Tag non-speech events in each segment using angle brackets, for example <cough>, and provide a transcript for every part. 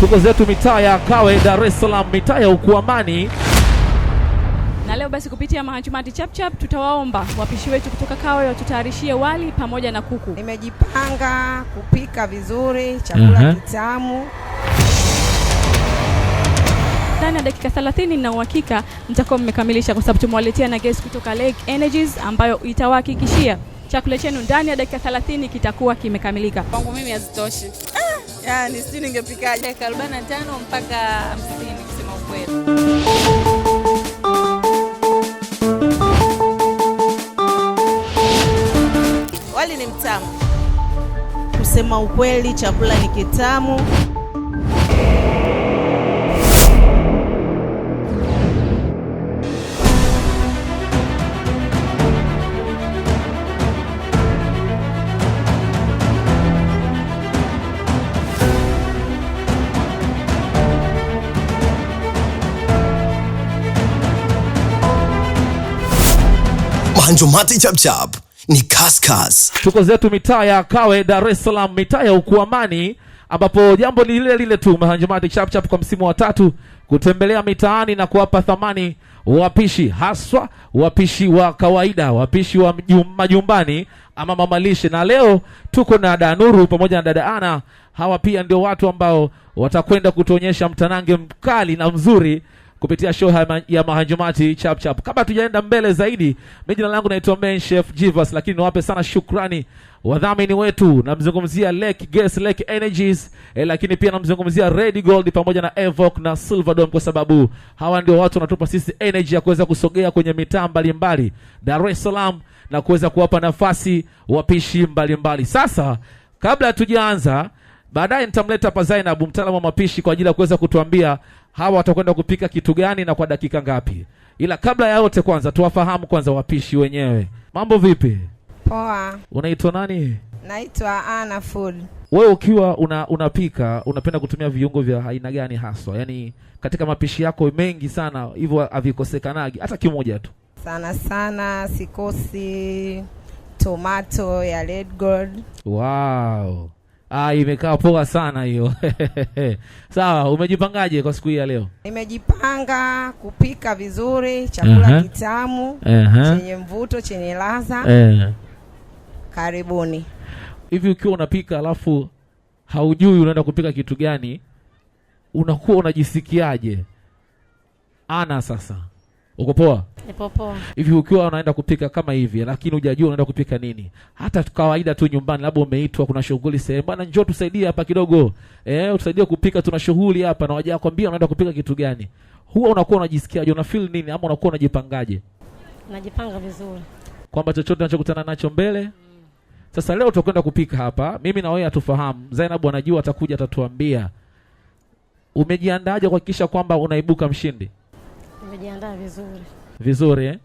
tuko zetu mitaa ya Kawe, Dar es Salaam, mitaa ya Ukuamani. Na leo basi kupitia Mahanjumati Chapchap tutawaomba wapishi wetu kutoka Kawe watutayarishie wali pamoja na kuku. Nimejipanga kupika vizuri chakula uh mhm. -huh. kitamu ndani ya dakika 30 na uhakika mtakuwa mmekamilisha, kwa sababu tumewaletea na guest kutoka Lake Energies ambayo itawahakikishia chakula chenu ndani ya dakika 30 kitakuwa kimekamilika. Kwangu mimi hazitoshi. Ah! yani sijui ningepikaje dakika 45 mpaka 50 kusema ukweli. Wali ni mtamu, kusema ukweli, chakula ni kitamu. Banjo mati chap ni kaskas. Tuko zetu mitaa ya Kawe, Dar es Salaam, mitaa ya Ukuamani, ambapo jambo ni lile lile tu. Banjo mati chap kwa msimu wa tatu kutembelea mitaani na kuwapa thamani wapishi, haswa wapishi wa kawaida, wapishi wa majumbani ama mamalishe. Na leo tuko na Danuru pamoja na dada Ana. Hawa pia ndio watu ambao watakwenda kutuonyesha mtanange mkali na mzuri kupitia show ya Mahanjumati chap chap. Kabla tujaenda mbele zaidi, mimi jina langu naitwa Men Chef Jivas, lakini niwape sana shukrani wadhamini wetu, namzungumzia Lake Gas, Lake Energies eh, lakini pia namzungumzia Red Gold pamoja na Evoc na Silverdome, kwa sababu hawa ndio watu wanatupa sisi energy ya kuweza kusogea kwenye mitaa mbalimbali Dar es Salaam na kuweza kuwapa nafasi wapishi mbalimbali mbali. Sasa kabla tujaanza baadaye nitamleta hapa Zainab, mtaalamu wa mapishi kwa ajili ya kuweza kutuambia hawa watakwenda kupika kitu gani na kwa dakika ngapi. Ila kabla ya yote, kwanza tuwafahamu kwanza wapishi wenyewe. Mambo vipi? Poa. Unaitwa nani? Naitwa Ana Food. Wewe ukiwa una, unapika unapenda kutumia viungo vya aina gani haswa, yaani katika mapishi yako mengi sana hivyo havikosekanagi hata kimoja tu? Sana sana sikosi tomato ya red gold. Wow. Ah, imekaa poa sana hiyo. <laughs> Sawa, umejipangaje kwa siku hii ya leo? Nimejipanga kupika vizuri chakula uh -huh. kitamu uh -huh. chenye mvuto, chenye ladha uh -huh. Karibuni. Hivi ukiwa unapika alafu haujui unaenda kupika kitu gani, unakuwa unajisikiaje? Ana sasa, uko poa? Hivi ukiwa unaenda kupika kama hivi lakini hujajua unaenda kupika nini, hata kawaida tu nyumbani, labda umeitwa kuna shughuli sehemu, bwana njoo tusaidie hapa kidogo, eh, tusaidie kupika, tuna shughuli hapa, na wajaa kwambia unaenda kupika kitu gani, huwa unakuwa unajisikiaje? Una feel nini, ama unakuwa unajipangaje? Najipanga vizuri kwamba chochote unachokutana nacho mbele Sasa leo tutakwenda kupika hapa, mimi na wewe atufahamu Zainabu anajua, atakuja atatuambia. Umejiandaje kuhakikisha kwamba unaibuka mshindi? Nimejiandaa vizuri vizuri eh?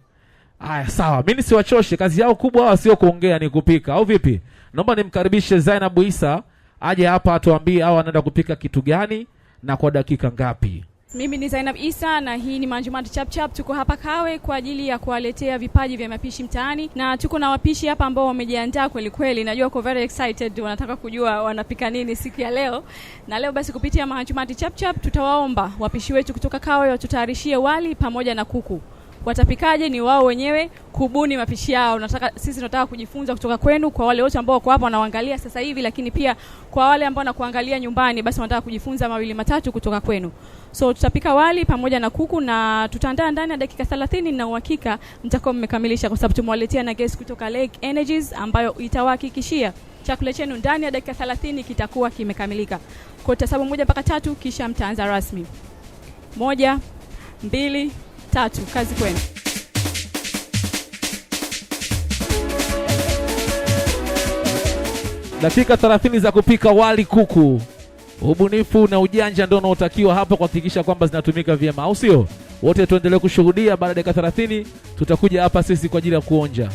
Aya, sawa, mi nisiwachoshe. Kazi yao kubwa hawa sio kuongea, ni kupika, au vipi? Naomba nimkaribishe Zainabu Isa aje hapa atuambie hawa wanaenda kupika kitu gani na kwa dakika ngapi. Mimi ni Zainab Isa na hii ni Manjumati Chap Chap. Tuko hapa Kawe kwa ajili ya kuwaletea vipaji vya mapishi mtaani, na tuko na wapishi hapa ambao wamejiandaa kweli kweli. Najua ko very excited, wanataka kujua wanapika nini siku ya leo. Na leo basi kupitia Manjumati Chap Chap tutawaomba wapishi wetu kutoka Kawe watutayarishie wali pamoja na kuku watapikaje ni wao wenyewe kubuni mapishi yao. Nataka sisi tunataka kujifunza kutoka kwenu, kwa wale wote ambao wako hapa wanaangalia sasa hivi, lakini pia kwa wale ambao wanakuangalia nyumbani, basi wanataka kujifunza mawili matatu kutoka kwenu. So tutapika wali pamoja na kuku na tutaandaa ndani ya dakika 30 na uhakika mtakuwa mmekamilisha, kwa sababu tumewaletea na guest kutoka Lake Energies ambayo itawahakikishia chakula chenu ndani ya dakika 30 kitakuwa kimekamilika. Kwa tutahesabu moja mpaka tatu, kisha mtaanza rasmi. Moja, mbili tatu. Kazi kwenu. Dakika 30 za kupika wali kuku. Ubunifu na ujanja ndio unaotakiwa hapa kuhakikisha kwamba zinatumika vyema, au sio? Wote tuendelee kushuhudia. Baada ya dakika 30 tutakuja hapa sisi kwa ajili ya kuonja.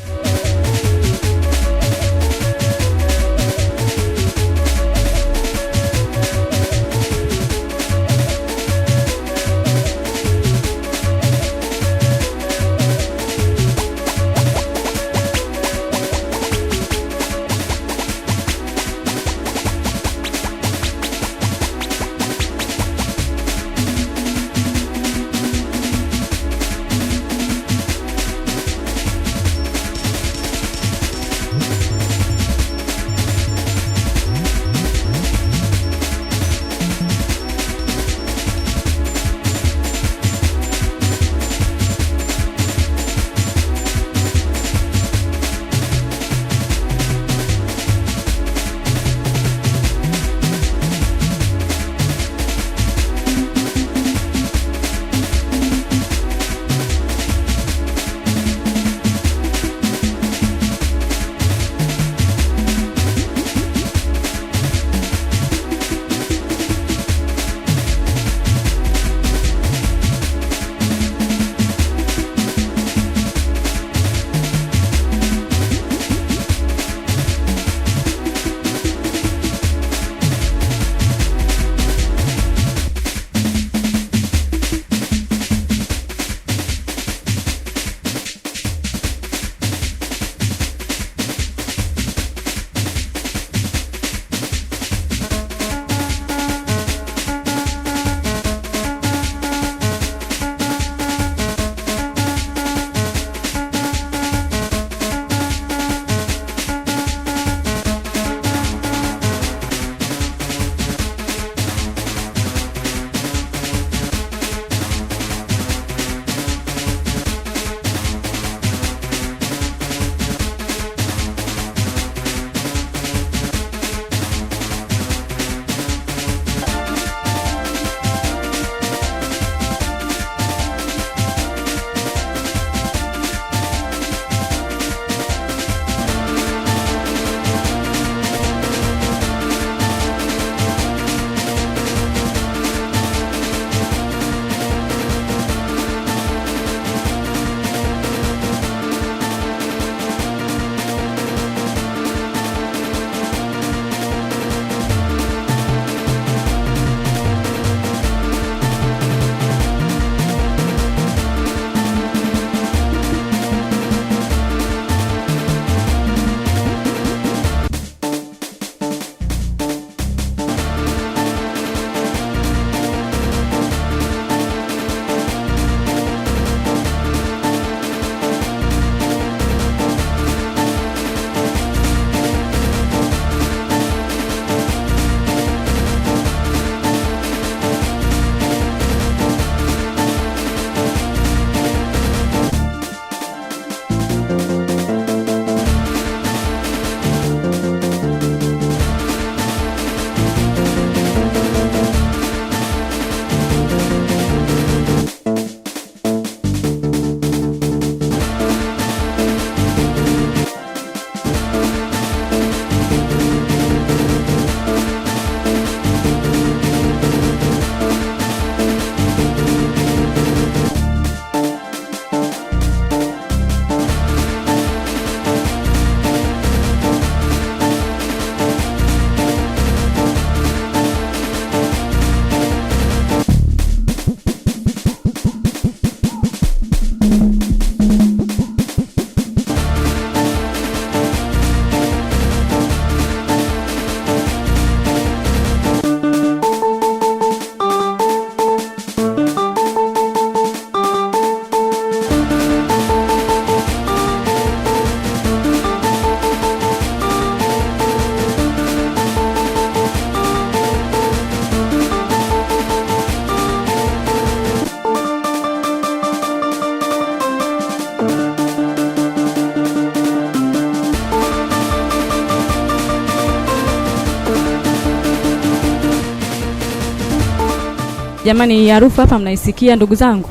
Jamani, harufu hapa mnaisikia ndugu zangu?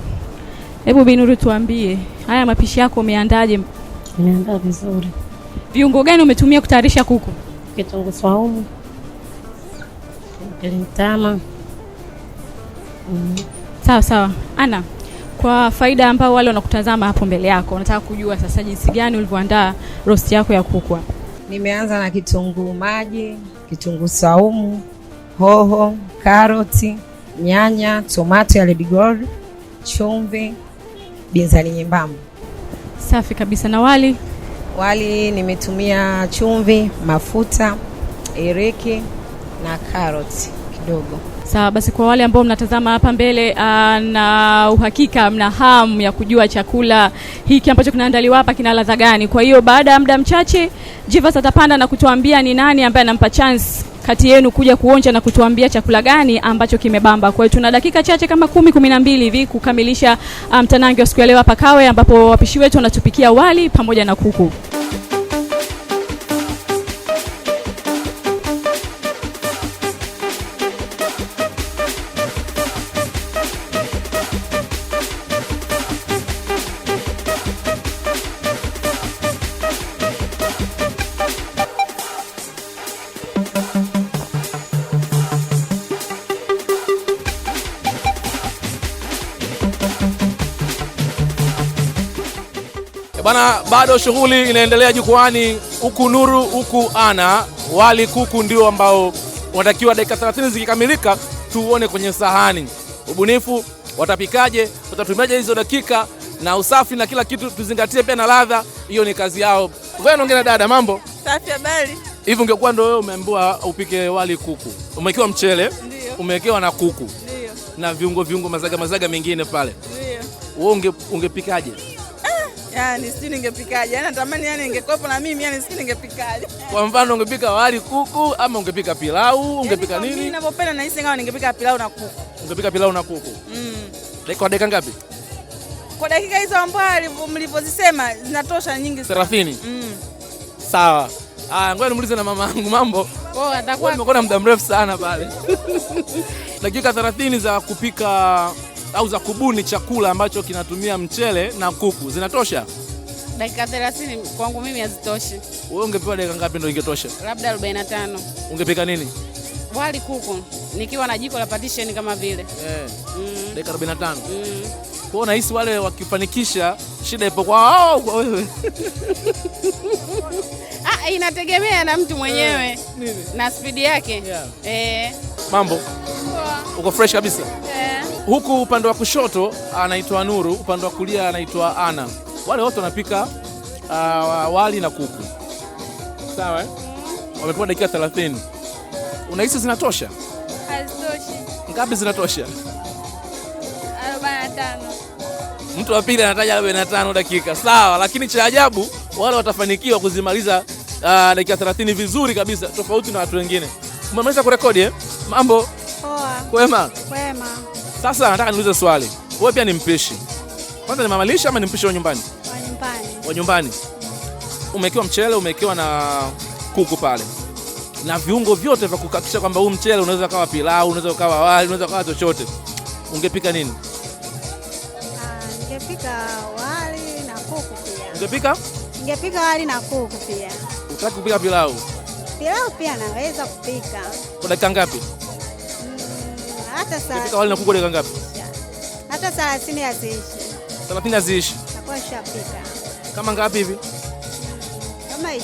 Hebu Binuru, tuambie haya mapishi yako umeandaje? Nimeandaa vizuri. Viungo gani umetumia kutayarisha kuku? Kitunguu saumu, pilipili mtama. Mm. Sawa sawa. Ana, kwa faida ambao wale wanakutazama hapo mbele yako, nataka kujua sasa jinsi gani ulivyoandaa roast yako ya kuku. Nimeanza na kitunguu maji, kitunguu saumu, hoho, karoti nyanya, tomato ya Lady Gold, chumvi, binzari nyembamba. Safi kabisa. Na wali? Wali nimetumia chumvi, mafuta, iriki na karoti kidogo. Sawa basi, kwa wale ambao mnatazama hapa mbele uh, na uhakika mna hamu ya kujua chakula hiki ambacho kinaandaliwa hapa kina ladha gani. Kwa hiyo baada ya muda mchache Jivas atapanda na kutuambia ni nani ambaye anampa chance kati yenu kuja kuonja na kutuambia chakula gani ambacho kimebamba. Kwa hiyo tuna dakika chache kama kumi, kumi na mbili hivi kukamilisha mtanangi um, wa siku ya leo hapa Kawe, ambapo wapishi wetu wanatupikia wali pamoja na kuku. bado shughuli inaendelea jukwani, huku Nuru huku ana wali kuku ndio ambao wanatakiwa dakika 30 zikikamilika, tuone kwenye sahani ubunifu watapikaje, watatumiaje hizo dakika na usafi na kila kitu, tuzingatie pia na ladha. Hiyo ni kazi yao. Wewe unaongea na dada. Mambo safi, habari. Hivi ungekuwa ndio wewe umeambiwa upike wali kuku, umewekewa mchele, umewekewa na kuku, ndio na viungo viungo, mazaga mazaga mengine pale, ndio wewe unge, ungepikaje? yani sijui ningepikaje, yani natamani, yani ingekuwepo na mimi, yani sijui ningepikaje. Kwa mfano, ungepika wali kuku ama ungepika pilau, ungepika yani nini? Mimi ninapopenda hisi ngawa ningepika pilau na kuku. Ungepika pilau na kuku mm. Kwa dakika ngapi? Kwa dakika hizo ambazo mlivyozisema zinatosha nyingi, sana. 30. Mm. Sawa. Ah, ngoja nimuulize na mama yangu mambo. Oh, atakuwa nimekuwa na muda mrefu sana pale <laughs> dakika 30 za kupika au za kubuni chakula ambacho kinatumia mchele na kuku zinatosha? Dakika 30 kwangu mimi hazitoshi. Wewe ungepewa dakika ngapi ndio ingetosha? Labda 45. Ungepika nini? Wali kuku, nikiwa na jiko la partition kama vile eh. Mm. Dakika 45. Mm. Kwa nahisi wale wakifanikisha shida ipo kwa wao kwa wewe. <laughs> Ah, inategemea na mtu mwenyewe yeah. na spidi yake yeah. Eh. Mambo uko fresh kabisa yeah. Huku upande wa kushoto uh, anaitwa Nuru, upande wa kulia anaitwa Ana. Wale wote wanapika uh, wali na kuku sawa, eh? mm-hmm. wamepewa dakika 30. Unahisi zinatosha? Ngapi zinatosha? Mtu wa pili anataja tano dakika sawa, lakini cha ajabu wale watafanikiwa kuzimaliza uh, dakika 30 vizuri kabisa, tofauti na watu wengine. Umemaliza kurekodi eh? Mambo Poa. Kwema? Kwema. Sasa nataka niulize swali. Wewe pia ni mpishi. Kwanza ni mamalisha ama ni mpishi wa nyumbani? Wa nyumbani. Wa nyumbani. Umekiwa mchele, umekiwa na kuku pale. Na viungo vyote vya kukakisha kwamba huu mchele unaweza kawa pilau, unaweza kawa wali, unaweza kawa chochote. Ungepika nini? Ah, ningepika wali na kuku pia. Ungepika? Ningepika wali na kuku pia. Utaki kupika pilau? Pilau pia naweza kupika. Kwa dakika ngapi? Hata wali na kuku dakika ngapi? Hata 30 haziishi. 30 haziishi. Nakuwa shapika. Kama ngapi hivi? Kama 20.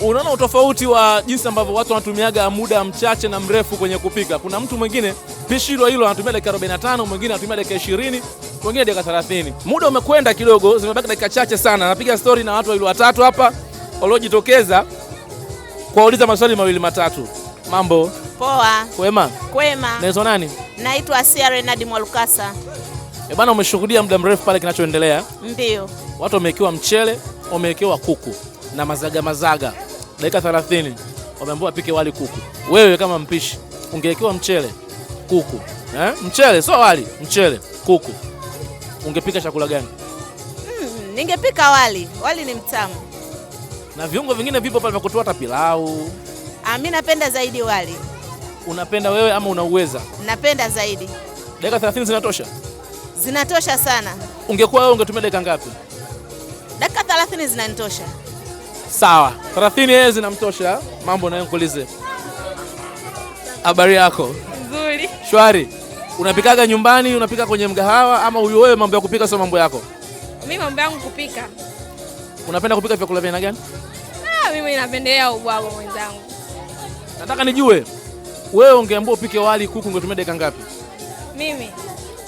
Unaona utofauti wa jinsi ambavyo watu wanatumiaga muda mchache na mrefu kwenye kupika. Kuna mtu mwingine pishi hilo hilo anatumia dakika 45, mwingine anatumia dakika 20, mwingine dakika 30. Muda umekwenda kidogo, zimebaki dakika chache sana. Napiga stori na watu wawili watatu hapa waliojitokeza kuwauliza maswali mawili matatu. Mambo Poa. Kwema? Kwema. Naitwa nani? Naitwa Asia Renard Mwalukasa. E bana, umeshuhudia muda mrefu pale kinachoendelea? Ndio. Watu wamewekewa mchele, wamewekewa kuku na mazaga mazaga, dakika 30 wameambiwa pike wali kuku. Wewe kama mpishi ungewekewa mchele kuku eh? Mchele sio wali, mchele kuku, ungepika chakula gani? Mm, ningepika wali. Wali ni mtamu na viungo vingine vipo pale vya kutoa hata pilau. Ah, mimi napenda zaidi wali unapenda wewe ama unauweza? Napenda zaidi. Dakika 30 zinatosha? Zinatosha sana. Ungekuwa wewe ungetumia dakika ngapi? Dakika 30 zinanitosha. Sawa, 30 yeye zinamtosha. Mambo nayo nikuulize. Habari yako? Nzuri. Shwari. Unapikaga nyumbani, unapika kwenye mgahawa ama huyo wewe mambo ya kupika sio mambo yako? Mimi mambo yangu kupika. Unapenda kupika vyakula vya aina gani? Ah, mimi napendelea ubwabwa mwenzangu. Nataka nijue wewe ungeambiwa upike wali kuku ungetumia dakika ngapi? Mimi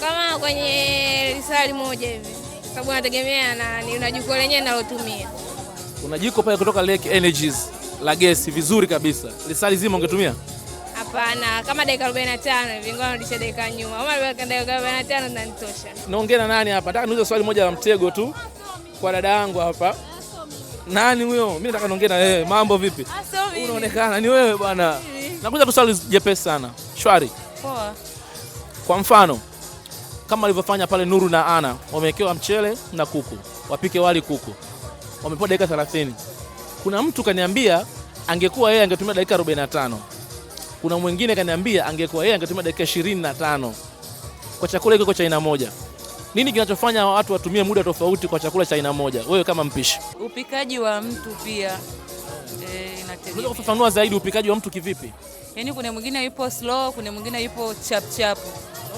kama kwenye lisali moja hivi, sababu nategemea na ni una jiko lenyewe nalotumia. Una jiko pale kutoka Lake Energies la gesi vizuri kabisa, lisali zima ungetumia? Hapana, kama dakika 45 hivi, ngoja nirudishe dakika nyuma. Kama dakika 45 zinanitosha. Naongea na nani hapa? Nataka niuze swali moja la mtego tu kwa dada yangu hapa. Nani huyo? Mimi nataka niongee na wewe. Mambo vipi? Ah, Unaonekana ni wewe bwana. Nakuja tu swali jepesi sana shwari. Poa. Kwa mfano kama alivyofanya pale Nuru na Ana, wamewekewa mchele na kuku, wapike wali kuku, wamepewa dakika 30. Kuna mtu kaniambia angekuwa yeye angetumia dakika tano Kuna mwingine kaniambia angekuwa yeye angetumia dakika tano kwa chakula hiko cha aina moja. Nini kinachofanya watu watumie muda tofauti kwa chakula cha aina moja? Wewe kama mpishi, upikaji wa mtu pia Eh, inategemea. zaidi upikaji wa mtu kivipi? Yaani kuna mwingine yupo slow, kuna mwingine yupo chap chap.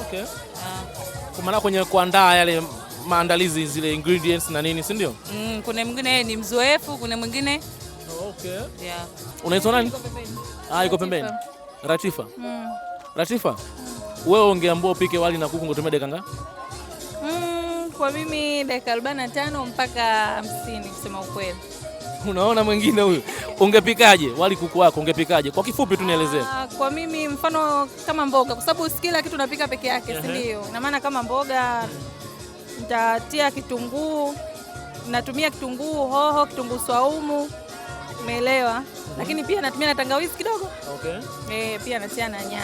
Okay. Ah. Kwa maana kwenye kuandaa yale maandalizi zile ingredients na nini, si ndio? Mm, kuna mwingine ni mzoefu, kuna mwingine oh, Okay. Yeah. Unaitwa nani? Ah, iko pembeni. Ratifa. Mm. Ratifa. Mm. Wewe ungeambiwa upike wali na kuku ungetumia dakika ngapi? Mm, kwa mimi dakika 45 mpaka 50 kusema ukweli. Unaona mwingine huyu, ungepikaje wali kuku wako, ungepikaje? Kwa kifupi tu nielezee. Ah, kwa mimi mfano kama mboga, kwa sababu kila kitu napika peke yake, si ndio? Ina maana kama mboga nitatia kitunguu, natumia kitunguu hoho, kitunguu swaumu, umeelewa? Mhm. Lakini pia natumia na tangawizi kidogo, okay. Eh, pia natia na nyanya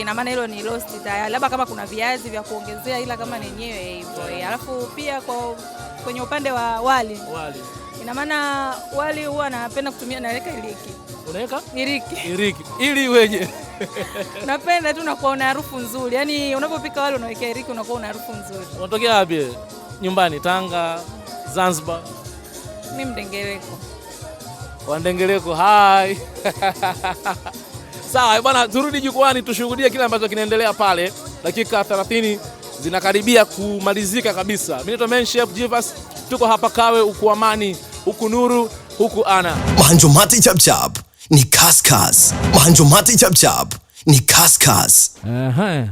ina maana hilo ni roast tayari, labda kama kuna viazi vya kuongezea, ila kama nenyewe hivyo. Eh. Alafu pia kwa kwenye upande wa wali, wali. Ina maana wali huwa napenda kutumia, naweka iliki. Unaweka iliki? Iliki. Ili weje? <laughs> Napenda tu nakuwa na harufu nzuri, yaani unapopika wali unaweka iliki, unakuwa una harufu nzuri. Unatokea wapi? Nyumbani Tanga, Zanzibar? Mimi Mdengereko. Wandengereko, hai <laughs> Sawa bwana, turudi jukwani tushuhudie kile ambacho kinaendelea pale dakika 30 zinakaribia kumalizika kabisa. Mimi naitwa Menshef Jivas, tuko hapa Kawe, huku Amani, huku Nuru, huku Ana. Mahanjumati chapchap ni kaskas, mahanjumati chapchap ni kaskas. Aha,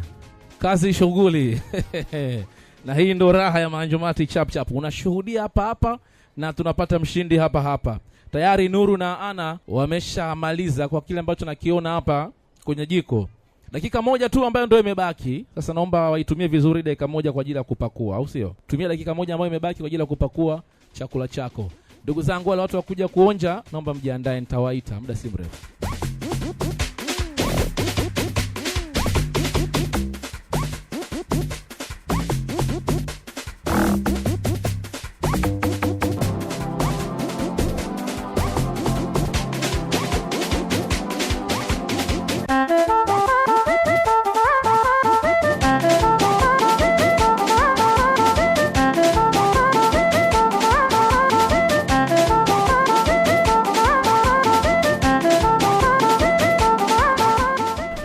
kazi shughuli <laughs> na hii ndo raha ya mahanjumati chapchap, unashuhudia hapa hapa na tunapata mshindi hapa hapa. Tayari Nuru na Ana wameshamaliza kwa kile ambacho nakiona hapa kwenye jiko dakika moja tu ambayo ndio imebaki sasa, naomba waitumie vizuri dakika moja kwa ajili ya kupakua, au sio? Tumia dakika moja ambayo imebaki kwa ajili ya kupakua chakula chako. Ndugu zangu, wale watu wakuja kuonja, naomba mjiandae, nitawaita muda si mrefu.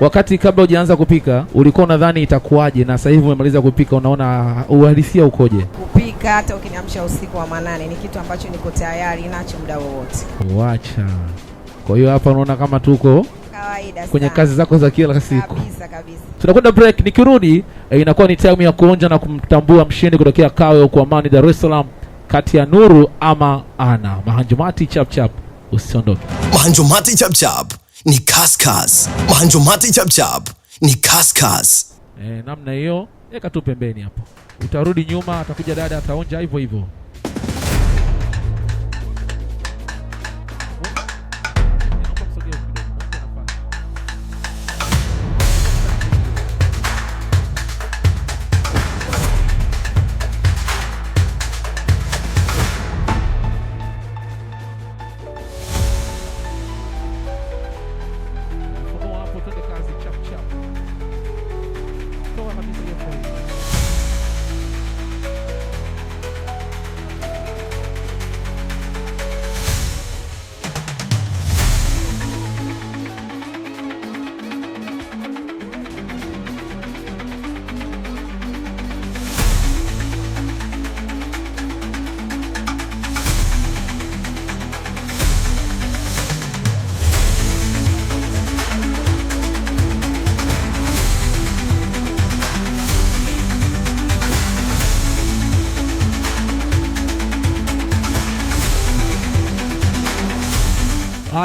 wakati kabla hujaanza kupika ulikuwa unadhani itakuwaje, na sasa hivi umemaliza kupika, unaona uhalisia ukoje? Kupika hata ukiniamsha usiku wa manane ni kitu ambacho niko tayari nacho muda wowote. Wacha. Kwa hiyo hapa unaona kama tuko kawaida kwenye kazi zako za kila siku kabisa kabisa. Tunakwenda break, nikirudi eh, inakuwa ni time ya kuonja na kumtambua mshindi kutokea Kawe huko Amani, Dar es Salaam, kati ya Nuru ama Ana. Mahanjumati chap chap, usiondoke. Mahanjumati chap chap ni kaskas. Mahanjumati chapchap ni kaskas. E, namna hiyo, eka tu pembeni hapo, utarudi nyuma, atakuja dada ataonja hivyo hivyo.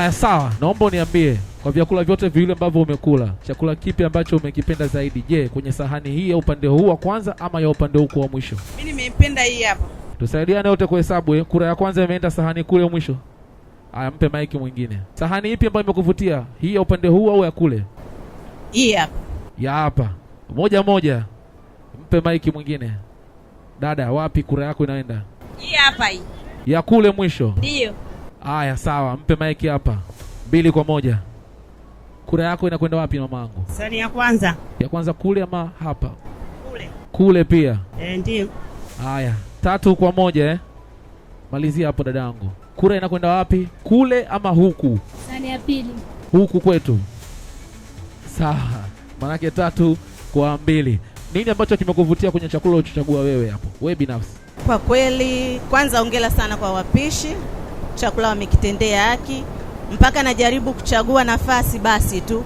ya sawa, naomba uniambie kwa vyakula vyote viwili ambavyo umekula, chakula kipi ambacho umekipenda zaidi? Je, kwenye sahani hii ya upande huu wa kwanza ama ya upande huu wa mwisho? Mimi nimeipenda hii hapa. Tusaidiane wote kuhesabu. Eh? Kura ya kwanza imeenda sahani kule mwisho. Aya, mpe maiki mwingine. Sahani ipi ambayo imekuvutia, hii ya upande huu au ya kule? Hii hapa, ya hapa. Moja moja, mpe maiki mwingine. Dada, wapi kura yako inaenda? Hii hapa, hii ya kule mwisho, ndio. Haya, sawa, mpe maiki hapa, mbili kwa moja. Kura yako inakwenda wapi mamangu? Sani ya kwanza, ya kwanza kule ama hapa? Kule, kule pia e, ndio. Haya, tatu kwa moja eh? Malizia hapo dadangu, kura inakwenda wapi, kule ama huku? Sani ya pili, huku kwetu. Sawa, manake tatu kwa mbili. Nini ambacho kimekuvutia kwenye chakula ulichochagua wewe hapo, wewe binafsi? Kwa kweli, kwanza ongela sana kwa wapishi chakula wamekitendea haki, mpaka najaribu kuchagua nafasi basi tu,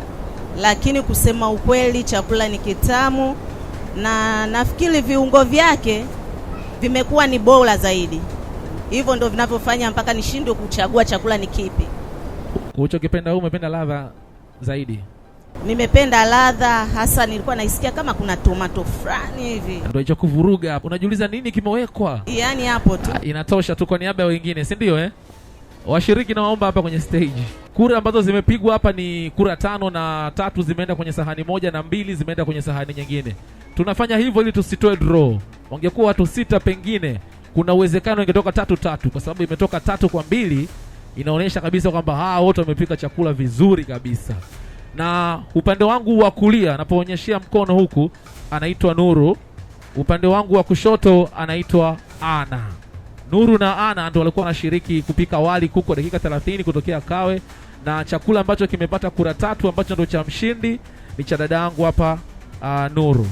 lakini kusema ukweli, chakula ni kitamu na nafikiri viungo vyake vimekuwa ni bora zaidi. Hivyo ndo vinavyofanya mpaka nishindwe kuchagua chakula ni kipi. Ulichokipenda wewe, umependa ladha zaidi? Nimependa ladha hasa, nilikuwa naisikia kama kuna tomato fulani hivi ndio hicho kuvuruga. Unajiuliza nini kimewekwa? Yaani hapo tu ah, inatosha tu, kwa niaba ya wengine, si ndio eh? Washiriki na waomba hapa kwenye stage. Kura ambazo zimepigwa hapa ni kura tano na tatu zimeenda kwenye sahani moja na mbili zimeenda kwenye sahani nyingine. Tunafanya hivyo ili tusitoe draw. Wangekuwa watu sita, pengine kuna uwezekano ingetoka tatu tatu, kwa sababu imetoka tatu kwa mbili, inaonyesha kabisa kwamba hawa wote wamepika chakula vizuri kabisa. Na upande wangu wa kulia anapoonyeshea mkono huku anaitwa Nuru, upande wangu wa kushoto anaitwa Ana. Nuru na Ana ndio walikuwa wanashiriki kupika wali kuko dakika 30 kutokea Kawe, na chakula ambacho kimepata kura tatu ambacho ndio cha mshindi ni cha dada yangu hapa uh, Nuru.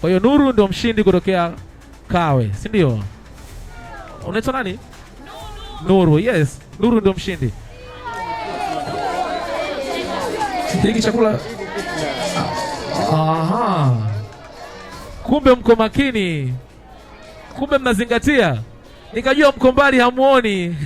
Kwa hiyo Nuru ndio mshindi kutokea Kawe, si ndio? Unaitwa nani? Nuru. Yes, Nuru ndio mshindi hiki chakula. Aha, kumbe mko makini, kumbe mnazingatia nikajua mkombali hamuoni.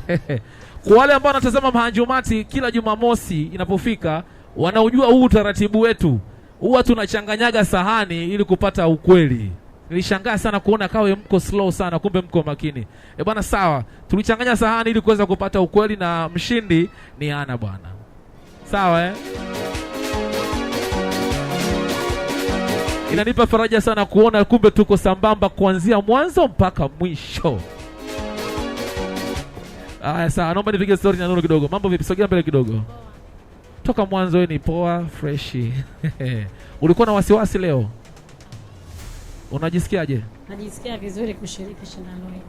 <laughs> Kwa wale ambao wanatazama mahanjumati kila Jumamosi inapofika, wanaojua huu utaratibu wetu, huwa tunachanganyaga sahani ili kupata ukweli. Nilishangaa sana kuona kawe mko slow sana, kumbe mko makini. Eh bwana, sawa, tulichanganya sahani ili kuweza kupata ukweli, na mshindi ni ana bwana, sawa eh? inanipa faraja sana kuona kumbe tuko sambamba kuanzia mwanzo mpaka mwisho. Aya, sawa, naomba nipige story na Nuru kidogo. Mambo vipi? Sogea mbele kidogo. Toka mwanzo wewe ni poa freshi. <laughs> Ulikuwa na wasiwasi leo? Unajisikiaje? Najisikia vizuri kushiriki shindano hili.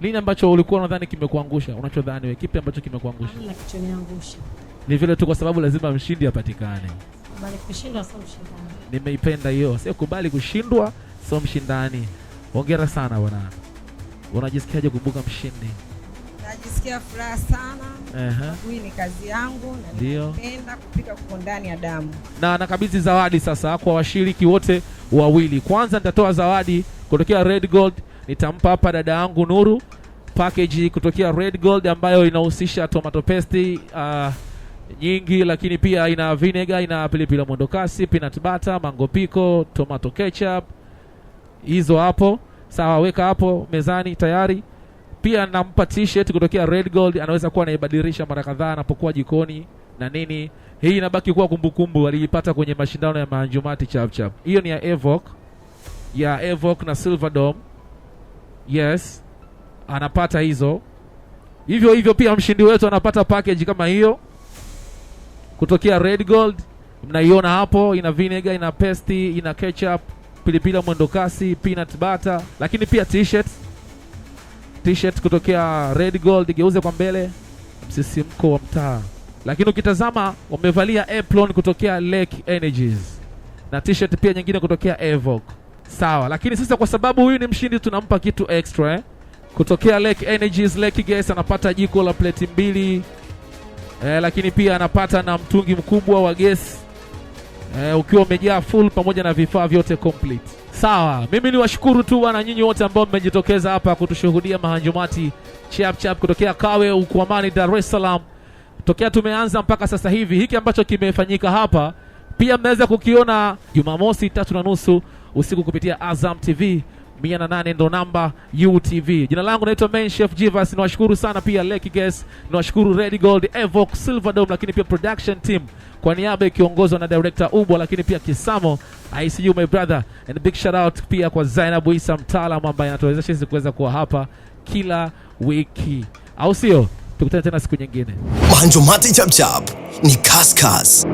Nini ambacho ulikuwa unadhani kimekuangusha? Unachodhani wewe kipi ambacho kimekuangusha? Ni vile tu kwa sababu lazima mshindi apatikane. Kubali kushindwa sio mshindani. Nimeipenda hiyo, sio kubali kushindwa sio mshindani. Hongera sana bwana. Unajisikiaje kubuka mshindi? Najisikia furaha sana. Uh-huh. Hii ni kazi yangu na ninapenda kupika kwa ndani ya damu. Na nakabidhi zawadi sasa kwa washiriki wote wawili. Kwanza nitatoa zawadi kutokea Red Gold, nitampa hapa dada yangu Nuru package kutokea Red Gold ambayo inahusisha tomato paste uh, nyingi, lakini pia ina vinega, ina pilipili mwendokasi, peanut butter, mango pico, tomato ketchup. Hizo hapo sawa, weka hapo mezani tayari. Pia nampa t-shirt kutokea Red Gold, anaweza kuwa anaibadilisha mara kadhaa anapokuwa jikoni na nini. Hii inabaki kuwa kumbukumbu, aliipata kwenye mashindano ya Manjumati Chapchap. Hiyo ni ya Evoc ya Evoc na Silverdome. Yes, anapata hizo hivyo hivyo. Pia mshindi wetu anapata package kama hiyo kutokea Red Gold. Mnaiona hapo, ina vinega, ina pesti, ina ketchup, pilipili mwendokasi, peanut butter, lakini pia t-shirt. T-shirt kutokea Red Gold, geuze kwa mbele, msisimko wa mtaa. Lakini ukitazama wamevalia apron kutokea Lake Energies na t-shirt pia nyingine kutokea Evok. Sawa, lakini sasa kwa sababu huyu ni mshindi tunampa kitu extra eh? Kutokea Lake Energies, Lake Gas anapata jiko la plate mbili e, lakini pia anapata na mtungi mkubwa wa gesi e, ukiwa umejaa full pamoja na vifaa vyote complete. Sawa, mimi ni washukuru tu wana nyinyi wote ambao mmejitokeza hapa kutushuhudia mahanjumati chap chap kutokea Kawe Ukwamani, Dar es Salaam, tokea tumeanza mpaka sasa hivi. Hiki ambacho kimefanyika hapa pia mnaweza kukiona Jumamosi tatu na nusu usiku kupitia Azam TV mia na nane ndo namba UTV. Jina langu naitwa Chef Jivas, niwashukuru sana pia Lucky Guest, niwashukuru Red Gold, Evox, Dome, lakini pia production team kwa niaba ikiongozwa na director Ubwa, lakini pia Kisamo, you my brother, and big shout out pia kwa Zainab Isa, mtaalamu ambaye anatuwezesha sisi kuweza kuwa hapa kila wiki, au sio? Tukutane tena siku nyingine. Banjumati chapchap ni kaskas.